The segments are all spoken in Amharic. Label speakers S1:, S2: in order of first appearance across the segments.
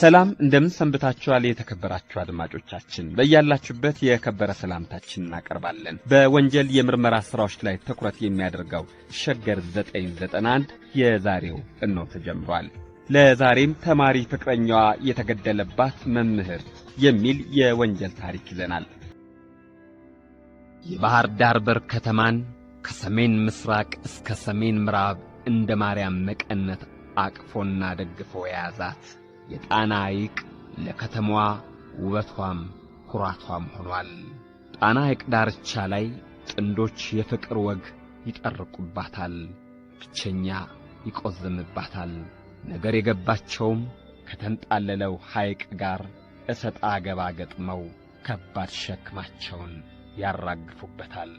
S1: ሰላም እንደምን ሰንብታችኋል? የተከበራችሁ አድማጮቻችን በያላችሁበት የከበረ ሰላምታችን እናቀርባለን። በወንጀል የምርመራ ስራዎች ላይ ትኩረት የሚያደርገው ሸገር 991 የዛሬው እኖ ተጀምሯል። ለዛሬም ተማሪ ፍቅረኛዋ የተገደለባት መምህር የሚል የወንጀል ታሪክ ይዘናል።
S2: የባህር ዳር በር ከተማን ከሰሜን ምስራቅ እስከ ሰሜን ምዕራብ እንደ ማርያም መቀነት አቅፎና ደግፎ የያዛት የጣና ሐይቅ ለከተማዋ ውበቷም ኩራቷም ሆኗል። ጣና ሐይቅ ዳርቻ ላይ ጥንዶች የፍቅር ወግ ይጠርቁባታል፣ ብቸኛ ይቆዝምባታል። ነገር የገባቸውም ከተንጣለለው ሐይቅ ጋር እሰጣ ገባ ገጥመው ከባድ ሸክማቸውን ያራግፉበታል።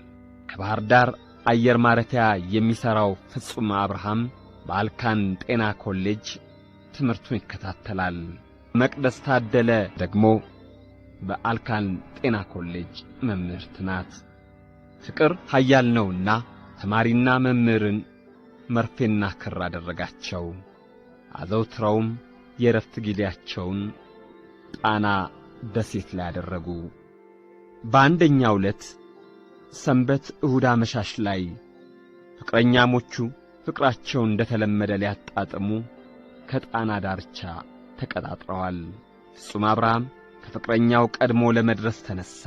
S2: ከባህር ዳር አየር ማረፊያ የሚሠራው ፍጹም አብርሃም በአልካን ጤና ኮሌጅ ትምህርቱን ይከታተላል። መቅደስ ታደለ ደግሞ በአልካን ጤና ኮሌጅ መምህርት ናት። ፍቅር ኃያል ነውና ተማሪና መምህርን መርፌና ክር አደረጋቸው። አዘውትረውም የእረፍት ጊዜያቸውን ጣና ደሴት ላይ አደረጉ። በአንደኛው ዕለት ሰንበት እሁድ አመሻሽ ላይ ፍቅረኛሞቹ ፍቅራቸውን እንደተለመደ ሊያጣጥሙ ከጣና ዳርቻ ተቀጣጥረዋል። ፍጹም አብርሃም ከፍቅረኛው ቀድሞ ለመድረስ ተነሳ፣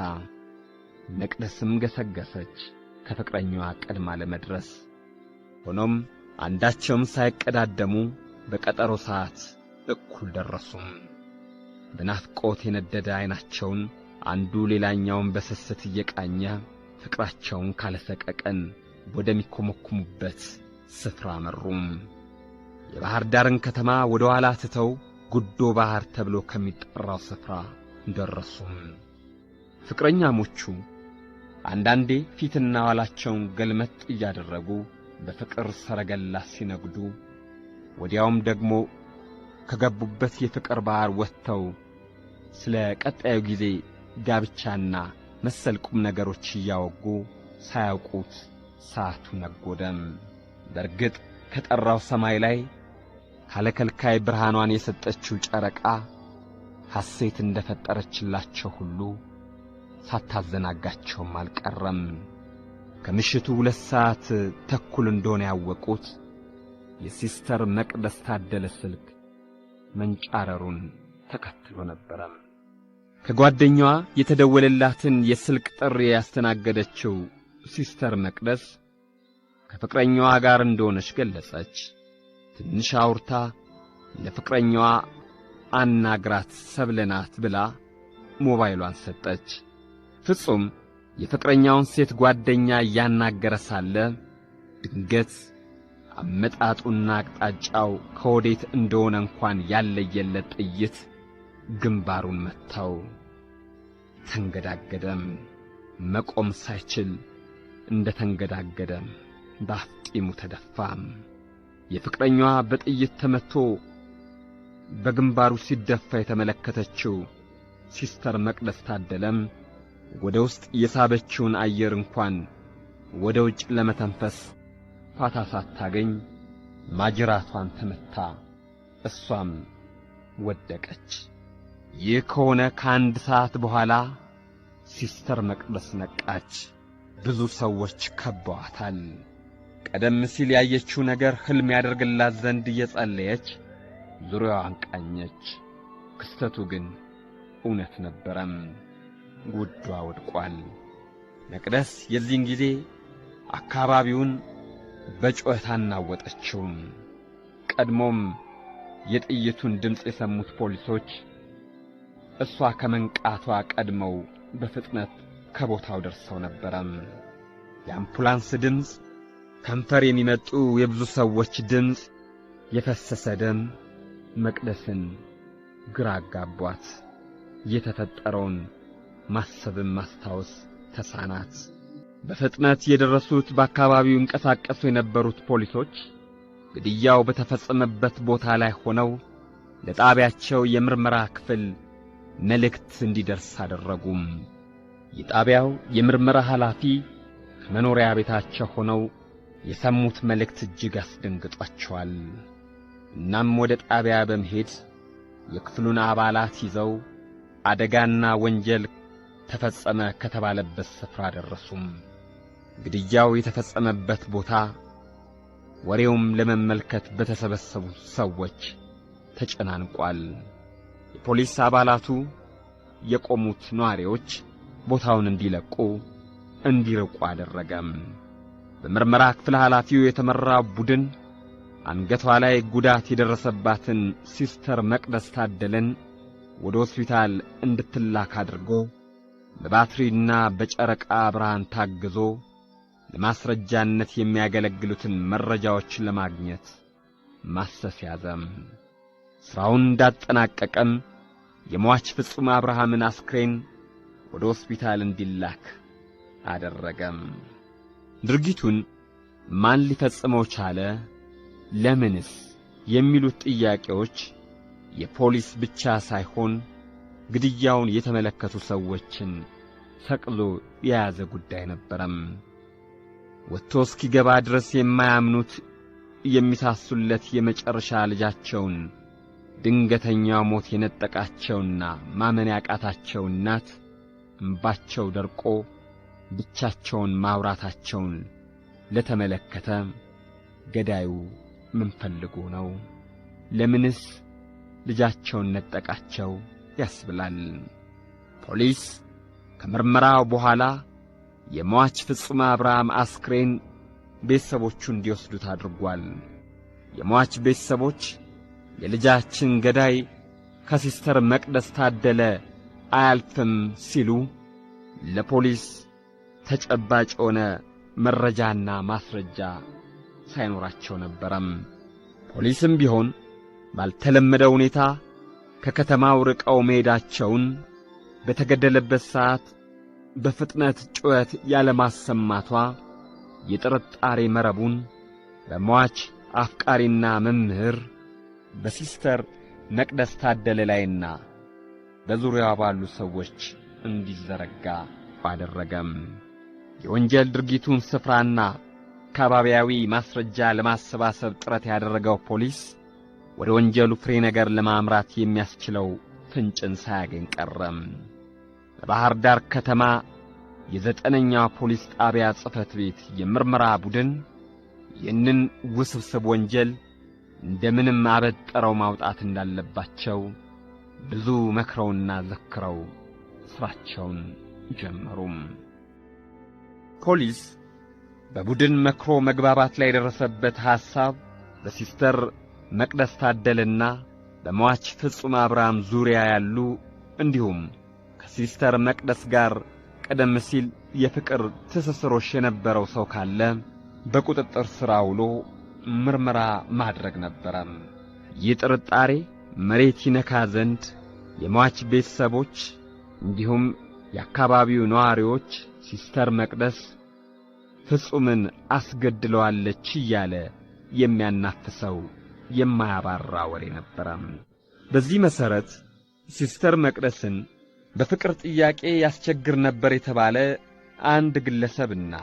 S2: መቅደስም ገሰገሰች ከፍቅረኛዋ ቀድማ ለመድረስ። ሆኖም አንዳቸውም ሳይቀዳደሙ በቀጠሮ ሰዓት እኩል ደረሱም። በናፍቆት የነደደ ዐይናቸውን አንዱ ሌላኛውን በስስት እየቃኘ ፍቅራቸውን ካለሰቀቀን ወደሚኮመኩሙበት ስፍራ መሩም። የባሕር ዳርን ከተማ ወደ ኋላ ትተው ጉዶ ባሕር ተብሎ ከሚጠራው ስፍራ ደረሱም። ፍቅረኛሞቹ አንዳንዴ ፊትና ኋላቸውን ገልመጥ እያደረጉ በፍቅር ሰረገላ ሲነግዱ፣ ወዲያውም ደግሞ ከገቡበት የፍቅር ባሕር ወጥተው ስለ ቀጣዩ ጊዜ ጋብቻና መሰል ቁም ነገሮች እያወጉ ሳያውቁት ሰዓቱ ነጎደም። በርግጥ ከጠራው ሰማይ ላይ ካለከልካይ ብርሃኗን የሰጠችው ጨረቃ ሐሴት እንደ ፈጠረችላቸው ሁሉ ሳታዘናጋቸውም አልቀረም። ከምሽቱ ሁለት ሰዓት ተኩል እንደሆነ ያወቁት የሲስተር መቅደስ ታደለ ስልክ መንጫረሩን ተከትሎ ነበረም። ከጓደኛዋ የተደወለላትን የስልክ ጥሪ ያስተናገደችው ሲስተር መቅደስ ከፍቅረኛዋ ጋር እንደሆነች ገለጸች። ትንሽ አውርታ ለፍቅረኛዋ አናግራት ሰብለናት ብላ ሞባይሏን ሰጠች። ፍጹም የፍቅረኛውን ሴት ጓደኛ እያናገረ ሳለ ድንገት አመጣጡና አቅጣጫው ከወዴት እንደሆነ እንኳን ያለየለት ጥይት ግንባሩን መታው። ተንገዳገደም። መቆም ሳይችል እንደ ተንገዳገደም በአፍጢሙ ተደፋም። የፍቅረኛዋ በጥይት ተመትቶ በግንባሩ ሲደፋ የተመለከተችው ሲስተር መቅደስ ታደለም ወደ ውስጥ የሳበችውን አየር እንኳን ወደ ውጭ ለመተንፈስ ፋታ ሳታገኝ ማጅራቷን ተመታ፣ እሷም ወደቀች። ይህ ከሆነ ከአንድ ሰዓት በኋላ ሲስተር መቅደስ ነቃች። ብዙ ሰዎች ከበዋታል። ቀደም ሲል ያየችው ነገር ሕልም ያደርግላት ዘንድ እየጸለየች ዙሪያዋን ቃኘች። ክስተቱ ግን እውነት ነበረም። ጉዷ ወድቋል። መቅደስ የዚህን ጊዜ አካባቢውን በጩኸት አናወጠችው። ቀድሞም የጥይቱን ድምፅ የሰሙት ፖሊሶች እሷ ከመንቃቷ ቀድመው በፍጥነት ከቦታው ደርሰው ነበረም። የአምቡላንስ ድምፅ ከንፈር የሚመጡ የብዙ ሰዎች ድምፅ የፈሰሰ ደም መቅደስን ግራ አጋቧት። የተፈጠረውን ማሰብን ማስታወስ ተሳናት። በፍጥነት የደረሱት በአካባቢው ይንቀሳቀሱ የነበሩት ፖሊሶች ግድያው በተፈጸመበት ቦታ ላይ ሆነው ለጣቢያቸው የምርመራ ክፍል መልእክት እንዲደርስ አደረጉም። የጣቢያው የምርመራ ኃላፊ ከመኖሪያ ቤታቸው ሆነው የሰሙት መልእክት እጅግ አስደንግጧቸዋል። እናም ወደ ጣቢያ በመሄድ የክፍሉን አባላት ይዘው አደጋና ወንጀል ተፈጸመ ከተባለበት ስፍራ ደረሱም። ግድያው የተፈጸመበት ቦታ ወሬውም ለመመልከት በተሰበሰቡ ሰዎች ተጨናንቋል። የፖሊስ አባላቱ የቆሙት ነዋሪዎች ቦታውን እንዲለቁ እንዲርቁ አደረገም። በምርመራ ክፍል ኃላፊው የተመራ ቡድን አንገቷ ላይ ጉዳት የደረሰባትን ሲስተር መቅደስ ታደለን ወደ ሆስፒታል እንድትላክ አድርጎ በባትሪና በጨረቃ ብርሃን ታግዞ ለማስረጃነት የሚያገለግሉትን መረጃዎች ለማግኘት ማሰስ ያዘም። ሥራውን እንዳጠናቀቀም የሟች ፍጹም አብርሃምን አስክሬን ወደ ሆስፒታል እንዲላክ አደረገም። ድርጊቱን ማን ሊፈጽመው ቻለ፣ ለምንስ የሚሉት ጥያቄዎች የፖሊስ ብቻ ሳይሆን ግድያውን የተመለከቱ ሰዎችን ሰቅሎ የያዘ ጉዳይ ነበረም። ወጥቶ እስኪገባ ድረስ የማያምኑት የሚሳሱለት የመጨረሻ ልጃቸውን ድንገተኛ ሞት የነጠቃቸውና ማመን ያቃታቸው እናት እምባቸው ደርቆ ብቻቸውን ማውራታቸውን ለተመለከተ ገዳዩ ምን ፈልጎ ነው? ለምንስ ልጃቸውን ነጠቃቸው ያስብላል። ፖሊስ ከምርመራው በኋላ የሟች ፍጹም አብርሃም አስክሬን ቤተሰቦቹ እንዲወስዱት አድርጓል። የሟች ቤተሰቦች የልጃችን ገዳይ ከሲስተር መቅደስ ታደለ አያልፍም ሲሉ ለፖሊስ ተጨባጭ የሆነ መረጃና ማስረጃ ሳይኖራቸው ነበረም። ፖሊስም ቢሆን ባልተለመደ ሁኔታ ከከተማው ርቀው መሄዳቸውን፣ በተገደለበት ሰዓት በፍጥነት ጩኸት ያለማሰማቷ የጥርጣሬ መረቡን በሟች አፍቃሪና መምህር በሲስተር መቅደስ ታደለ ላይና በዙሪያዋ ባሉ ሰዎች እንዲዘረጋ አደረገም። የወንጀል ድርጊቱን ስፍራና አካባቢያዊ ማስረጃ ለማሰባሰብ ጥረት ያደረገው ፖሊስ ወደ ወንጀሉ ፍሬ ነገር ለማምራት የሚያስችለው ፍንጭን ሳያገኝ ቀረም። በባሕር ዳር ከተማ የዘጠነኛው ፖሊስ ጣቢያ ጽሕፈት ቤት የምርመራ ቡድን ይህንን ውስብስብ ወንጀል እንደምንም አበጠረው ማውጣት እንዳለባቸው ብዙ መክረውና ዘክረው ሥራቸውን ጀመሩም። ፖሊስ በቡድን መክሮ መግባባት ላይ የደረሰበት ሐሳብ በሲስተር መቅደስ ታደልና በመዋች ፍጹም አብርሃም ዙሪያ ያሉ እንዲሁም ከሲስተር መቅደስ ጋር ቀደም ሲል የፍቅር ትስስሮች የነበረው ሰው ካለ በቁጥጥር ሥር አውሎ ምርመራ ማድረግ ነበረ። ይህ ጥርጣሬ መሬት ይነካ ዘንድ የሟች ቤተሰቦች እንዲሁም የአካባቢው ነዋሪዎች ሲስተር መቅደስ ፍጹምን አስገድለዋለች እያለ የሚያናፍሰው የማያባራ ወሬ ነበረም። በዚህ መሠረት ሲስተር መቅደስን በፍቅር ጥያቄ ያስቸግር ነበር የተባለ አንድ ግለሰብና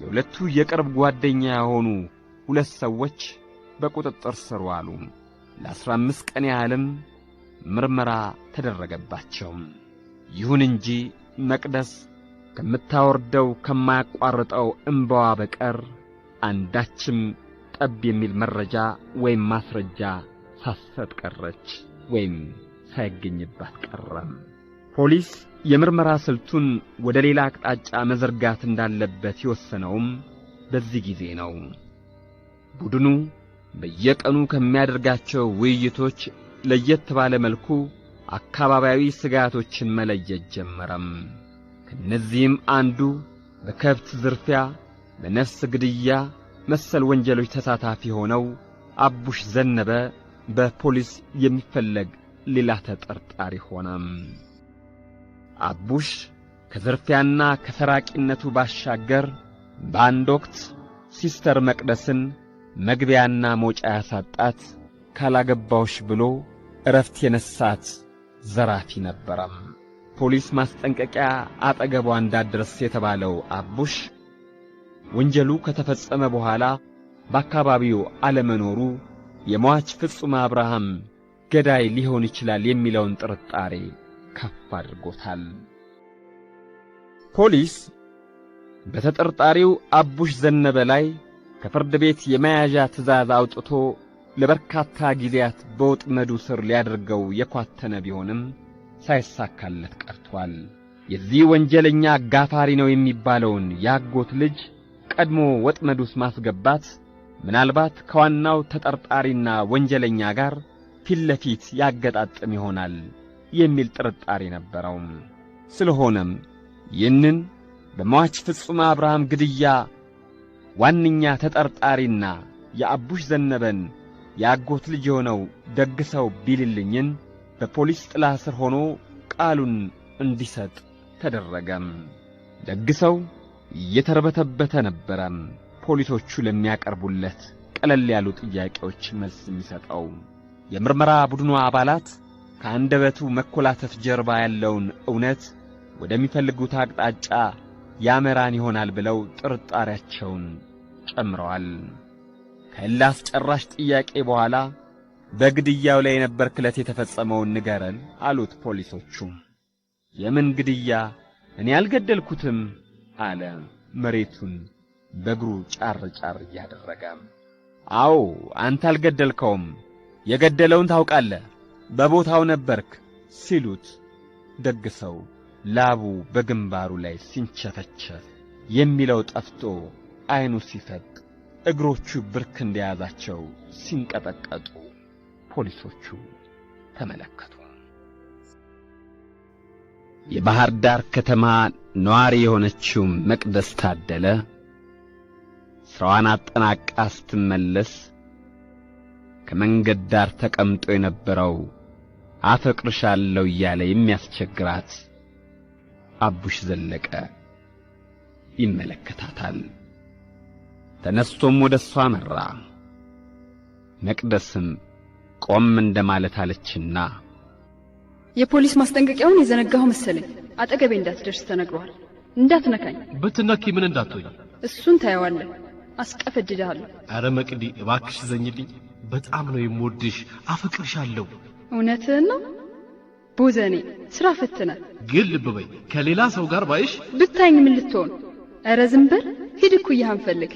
S2: የሁለቱ የቅርብ ጓደኛ የሆኑ ሁለት ሰዎች በቁጥጥር ስር ዋሉ። ለአስራ አምስት ቀን ያህልም ምርመራ ተደረገባቸው ይሁን እንጂ መቅደስ ከምታወርደው ከማያቋርጠው እምባዋ በቀር አንዳችም ጠብ የሚል መረጃ ወይም ማስረጃ ሳሰጥ ቀረች ወይም ሳይገኝባት ቀረም። ፖሊስ የምርመራ ስልቱን ወደ ሌላ አቅጣጫ መዘርጋት እንዳለበት የወሰነውም በዚህ ጊዜ ነው። ቡድኑ በየቀኑ ከሚያደርጋቸው ውይይቶች ለየት ባለ መልኩ አካባቢያዊ ስጋቶችን መለየት ጀመረም። ከእነዚህም አንዱ በከብት ዝርፊያ፣ በነፍስ ግድያ መሰል ወንጀሎች ተሳታፊ ሆነው አቡሽ ዘነበ በፖሊስ የሚፈለግ ሌላ ተጠርጣሪ ሆነም። አቡሽ ከዝርፊያና ከሰራቂነቱ ባሻገር በአንድ ወቅት ሲስተር መቅደስን መግቢያና መውጫ ያሳጣት ካላገባውሽ ብሎ እረፍት የነሳት ዘራፊ ነበረም። ፖሊስ ማስጠንቀቂያ አጠገቧ እንዳትደርስ የተባለው አቡሽ ወንጀሉ ከተፈጸመ በኋላ በአካባቢው አለመኖሩ የሟች ፍጹም አብርሃም ገዳይ ሊሆን ይችላል የሚለውን ጥርጣሬ ከፍ አድርጎታል። ፖሊስ በተጠርጣሪው አቡሽ ዘነበ ላይ ከፍርድ ቤት የመያዣ ትዕዛዝ አውጥቶ ለበርካታ ጊዜያት በወጥመዱ ስር ሊያደርገው የኳተነ ቢሆንም ሳይሳካለት ቀርቷል። የዚህ ወንጀለኛ አጋፋሪ ነው የሚባለውን ያጎት ልጅ ቀድሞ ወጥመድ ውስጥ ማስገባት ምናልባት ከዋናው ተጠርጣሪና ወንጀለኛ ጋር ፊት ለፊት ያገጣጥም ይሆናል የሚል ጥርጣሬ ነበረው። ስለሆነም ይህንን በሟች ፍጹም አብርሃም ግድያ ዋነኛ ተጠርጣሪና የአቡሽ ዘነበን የአጎት ልጅ የሆነው ደግሰው ቢልልኝን በፖሊስ ጥላ ስር ሆኖ ቃሉን እንዲሰጥ ተደረገም። ደግሰው ሰው እየተርበተበተ ፖሊሶቹ ለሚያቀርቡለት ቀለል ያሉ ጥያቄዎች መልስ የሚሰጠው የምርመራ ቡድኑ አባላት ከአንደበቱ መኮላተፍ ጀርባ ያለውን እውነት ወደሚፈልጉት አቅጣጫ ያመራን ይሆናል ብለው ጥርጣሬያቸውን ጨምረዋል። ከእልህ አስጨራሽ ጥያቄ በኋላ በግድያው ላይ የነበር ክለት የተፈጸመውን ንገረን አሉት ፖሊሶቹ። የምን ግድያ? እኔ አልገደልኩትም አለ መሬቱን በእግሩ ጫር ጫር እያደረገ። አዎ አንተ አልገደልከውም፣ የገደለውን ታውቃለህ፣ በቦታው ነበርክ ሲሉት ደግሰው ላቡ በግንባሩ ላይ ሲንቸፈቸፍ የሚለው ጠፍቶ ዐይኑ ሲፈጥ እግሮቹ ብርክ እንደያዛቸው ሲንቀጠቀጡ ፖሊሶቹ ተመለከቱ። የባህር ዳር ከተማ ነዋሪ የሆነችው መቅደስ ታደለ ስራዋን አጠናቃ ስትመለስ ከመንገድ ዳር ተቀምጦ የነበረው አፈቅርሻለሁ እያለ የሚያስቸግራት አቡሽ ዘለቀ ይመለከታታል። ተነስቶም ወደ እሷ አመራ። መቅደስም ቆም እንደማለት አለችና
S3: የፖሊስ ማስጠንቀቂያውን የዘነጋው መሰለኝ። አጠገቤ እንዳትደርስ ተነግሯል። እንዳትነካኝ።
S4: ብትነኪ ምን እንዳትሆኝ
S3: እሱን ታየዋለህ። አስቀፈድድሃለሁ።
S4: አረ መቅዲ እባክሽ ዘኝልኝ። በጣም ነው የምወድሽ፣ አፈቅርሻለሁ።
S3: እውነትህን ነው ቦዘኔ። ስራ ፈትነ
S4: ግን ልብ በይ። ከሌላ ሰው ጋር ባይሽ
S3: ብታይኝ ምን ልትሆን? አረ ዝም በል ሂድ። እኩያህን ፈልግ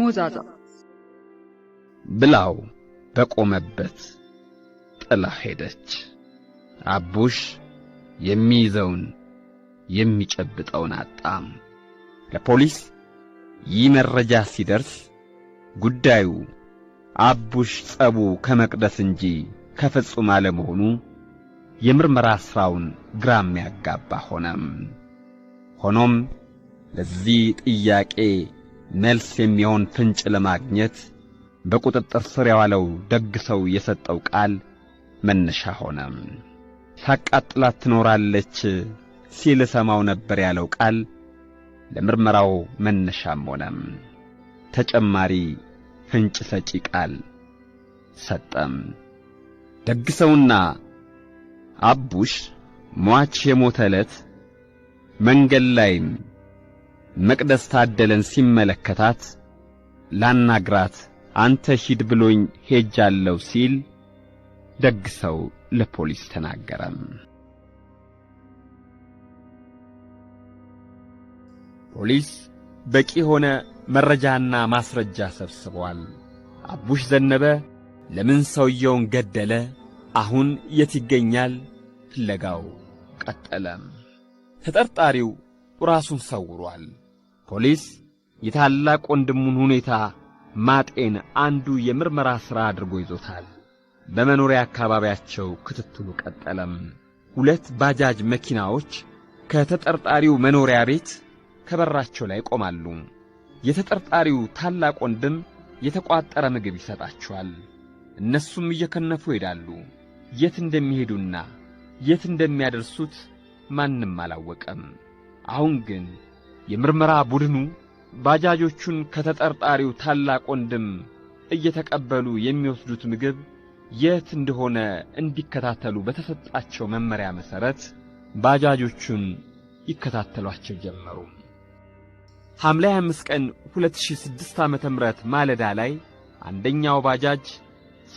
S3: ሞዛዛ
S2: ብላው በቆመበት ጥላ ሄደች። አቡሽ የሚይዘውን የሚጨብጠውን አጣም። ለፖሊስ ይህ መረጃ ሲደርስ ጉዳዩ አቡሽ ጸቡ ከመቅደስ እንጂ ከፍጹም አለመሆኑ የምርመራ ሥራውን ግራም ያጋባ ሆነም። ሆኖም ለዚህ ጥያቄ መልስ የሚሆን ፍንጭ ለማግኘት በቁጥጥር ስር የዋለው ደግ ሰው የሰጠው ቃል መነሻ ሆነ። ታቃጥላት ትኖራለች ሲል ሰማው ነበር ያለው ቃል ለምርመራው መነሻም ሆነ። ተጨማሪ ፍንጭ ሰጪ ቃል ሰጠም። ደግሰውና አቡሽ ሟች የሞተ ዕለት መንገድ ላይም መቅደስ ታደለን ሲመለከታት ላናግራት አንተ ሂድ ብሎኝ ሄጃለሁ ሲል ደግ ሰው ለፖሊስ ተናገረም። ፖሊስ በቂ የሆነ መረጃና ማስረጃ ሰብስቧል። አቡሽ ዘነበ ለምን ሰውየውን ገደለ? አሁን የት ይገኛል? ፍለጋው ቀጠለም። ተጠርጣሪው ራሱን ሰውሯል። ፖሊስ የታላቅ ወንድሙን ሁኔታ ማጤን አንዱ የምርመራ ሥራ አድርጎ ይዞታል። በመኖሪያ አካባቢያቸው ክትትሉ ቀጠለም። ሁለት ባጃጅ መኪናዎች ከተጠርጣሪው መኖሪያ ቤት ከበራቸው ላይ ቆማሉ። የተጠርጣሪው ታላቅ ወንድም የተቋጠረ ምግብ ይሰጣቸዋል። እነሱም እየከነፉ ይሄዳሉ። የት እንደሚሄዱና የት እንደሚያደርሱት ማንም አላወቀም። አሁን ግን የምርመራ ቡድኑ ባጃጆቹን ከተጠርጣሪው ታላቅ ወንድም እየተቀበሉ የሚወስዱት ምግብ የት እንደሆነ እንዲከታተሉ በተሰጣቸው መመሪያ መሠረት ባጃጆቹን ይከታተሏቸው ጀመሩ። ሐምሌ 5 ቀን 2006 ዓ.ም ማለዳ ላይ አንደኛው ባጃጅ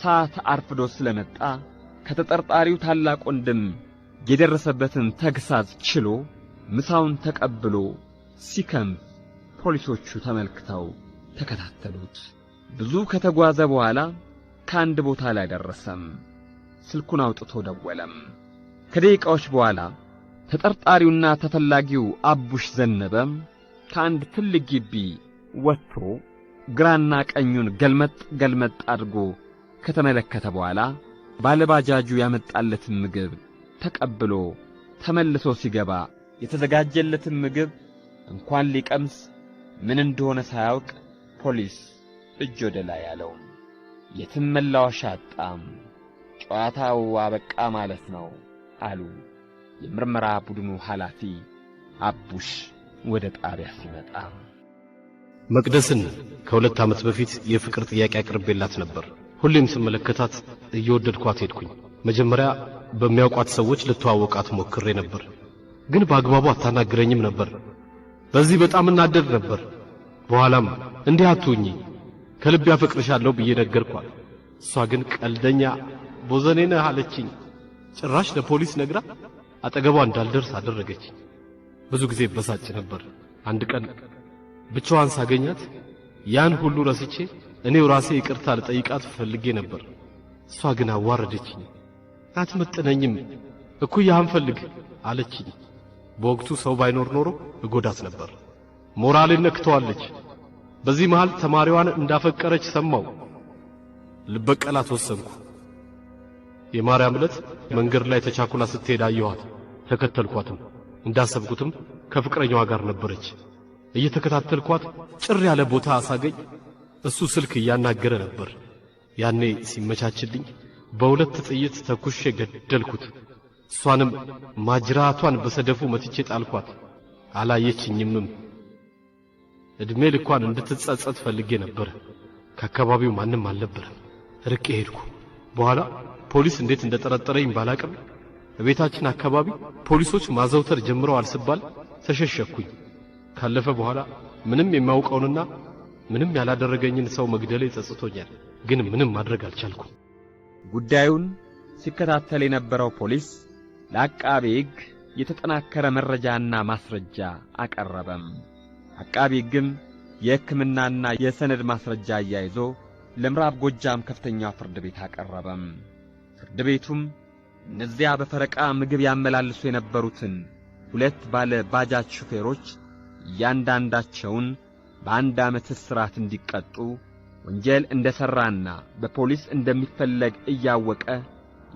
S2: ሰዓት አርፍዶ ስለመጣ ከተጠርጣሪው ታላቅ ወንድም የደረሰበትን ተግሳጽ ችሎ ምሳውን ተቀብሎ ሲከም ፖሊሶቹ ተመልክተው ተከታተሉት። ብዙ ከተጓዘ በኋላ ከአንድ ቦታ ላይ ደረሰም። ስልኩን አውጥቶ ደወለም። ከደቂቃዎች በኋላ ተጠርጣሪውና ተፈላጊው አቡሽ ዘነበ ከአንድ ትልቅ ግቢ ወጥቶ ግራና ቀኙን ገልመጥ ገልመጥ አድርጎ ከተመለከተ በኋላ ባለባጃጁ ያመጣለትን ምግብ ተቀብሎ ተመልሶ ሲገባ የተዘጋጀለትን ምግብ እንኳን ሊቀምስ ምን እንደሆነ ሳያውቅ ፖሊስ እጅ ወደ ላይ አለው። የትም መላወሻ አጣም፣ ጨዋታው አበቃ ማለት ነው አሉ የምርመራ ቡድኑ ኃላፊ አቡሽ ወደ ጣቢያ ሲመጣ።
S5: መቅደስን ከሁለት ዓመት በፊት የፍቅር ጥያቄ አቅርቤላት ነበር። ሁሌም ስመለከታት እየወደድኳት ሄድኩኝ። መጀመሪያ በሚያውቋት ሰዎች ልተዋወቃት ሞክሬ ነበር፣ ግን በአግባቡ አታናግረኝም ነበር። በዚህ በጣም እናደድ ነበር። በኋላም እንዲህ አትሁኚ ከልብ ያፈቅርሻለሁ ብዬ ነገርኳል እሷ ግን ቀልደኛ ቦዘኔ ነህ አለችኝ። ጭራሽ ለፖሊስ ነግራ አጠገቧ እንዳልደርስ አደረገችኝ። ብዙ ጊዜ በሳጭ ነበር። አንድ ቀን ብቻዋን ሳገኛት ያን ሁሉ ረስቼ እኔው ራሴ ይቅርታ ልጠይቃት ፈልጌ ነበር። እሷ ግን አዋረደችኝ። አትመጥነኝም፣ እኩያህን ፈልግ አለችኝ። በወቅቱ ሰው ባይኖር ኖሮ እጎዳት ነበር። ሞራሌን ነክተዋለች። በዚህ መሃል ተማሪዋን እንዳፈቀረች ሰማው። ልበቀላት ወሰንኩ። የማርያም ዕለት መንገድ ላይ ተቻኩላ ስትሄድ አየኋት። ተከተልኳትም። እንዳሰብኩትም ከፍቅረኛዋ ጋር ነበረች። እየተከታተልኳት ጭር ያለ ቦታ አሳገኝ። እሱ ስልክ እያናገረ ነበር። ያኔ ሲመቻችልኝ በሁለት ጥይት ተኩሼ ገደልኩት። እሷንም ማጅራቷን በሰደፉ መትቼ ጣልኳት። አላየችኝምም። እድሜ ልኳን እንድትጸጸት ፈልጌ ነበረ። ከአካባቢው ማንም አልነበረም። ርቄ ሄድኩ። በኋላ ፖሊስ እንዴት እንደጠረጠረኝ ባላቅም በቤታችን አካባቢ ፖሊሶች ማዘውተር ጀምረዋል ስባል ተሸሸኩኝ። ካለፈ በኋላ ምንም የሚያውቀውንና ምንም ያላደረገኝን ሰው መግደሌ ጸጽቶኛል፣ ግን ምንም ማድረግ አልቻልኩም።
S2: ጉዳዩን ሲከታተል የነበረው ፖሊስ ለአቃቤ ሕግ የተጠናከረ መረጃና ማስረጃ አቀረበም። አቃቢ ሕግም የሕክምናና የሰነድ ማስረጃ አያይዞ ለምዕራብ ጎጃም ከፍተኛ ፍርድ ቤት አቀረበም። ፍርድ ቤቱም እነዚያ በፈረቃ ምግብ ያመላልሱ የነበሩትን ሁለት ባለ ባጃጅ ሹፌሮች እያንዳንዳቸውን በአንድ ዓመት እስራት እንዲቀጡ ወንጀል እንደ ሠራና በፖሊስ እንደሚፈለግ እያወቀ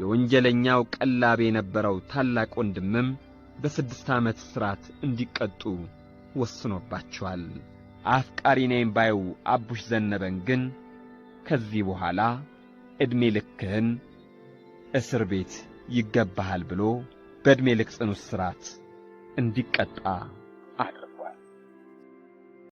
S2: የወንጀለኛው ቀላቤ የነበረው ታላቅ ወንድምም በስድስት ዓመት እስራት እንዲቀጡ ወስኖባቸዋል። አፍቃሪ ነኝ ባዩ አቡሽ ዘነበን ግን ከዚህ በኋላ ዕድሜ ልክህን እስር ቤት ይገባሃል ብሎ በዕድሜ ልክ ጽኑ እስራት እንዲቀጣ አ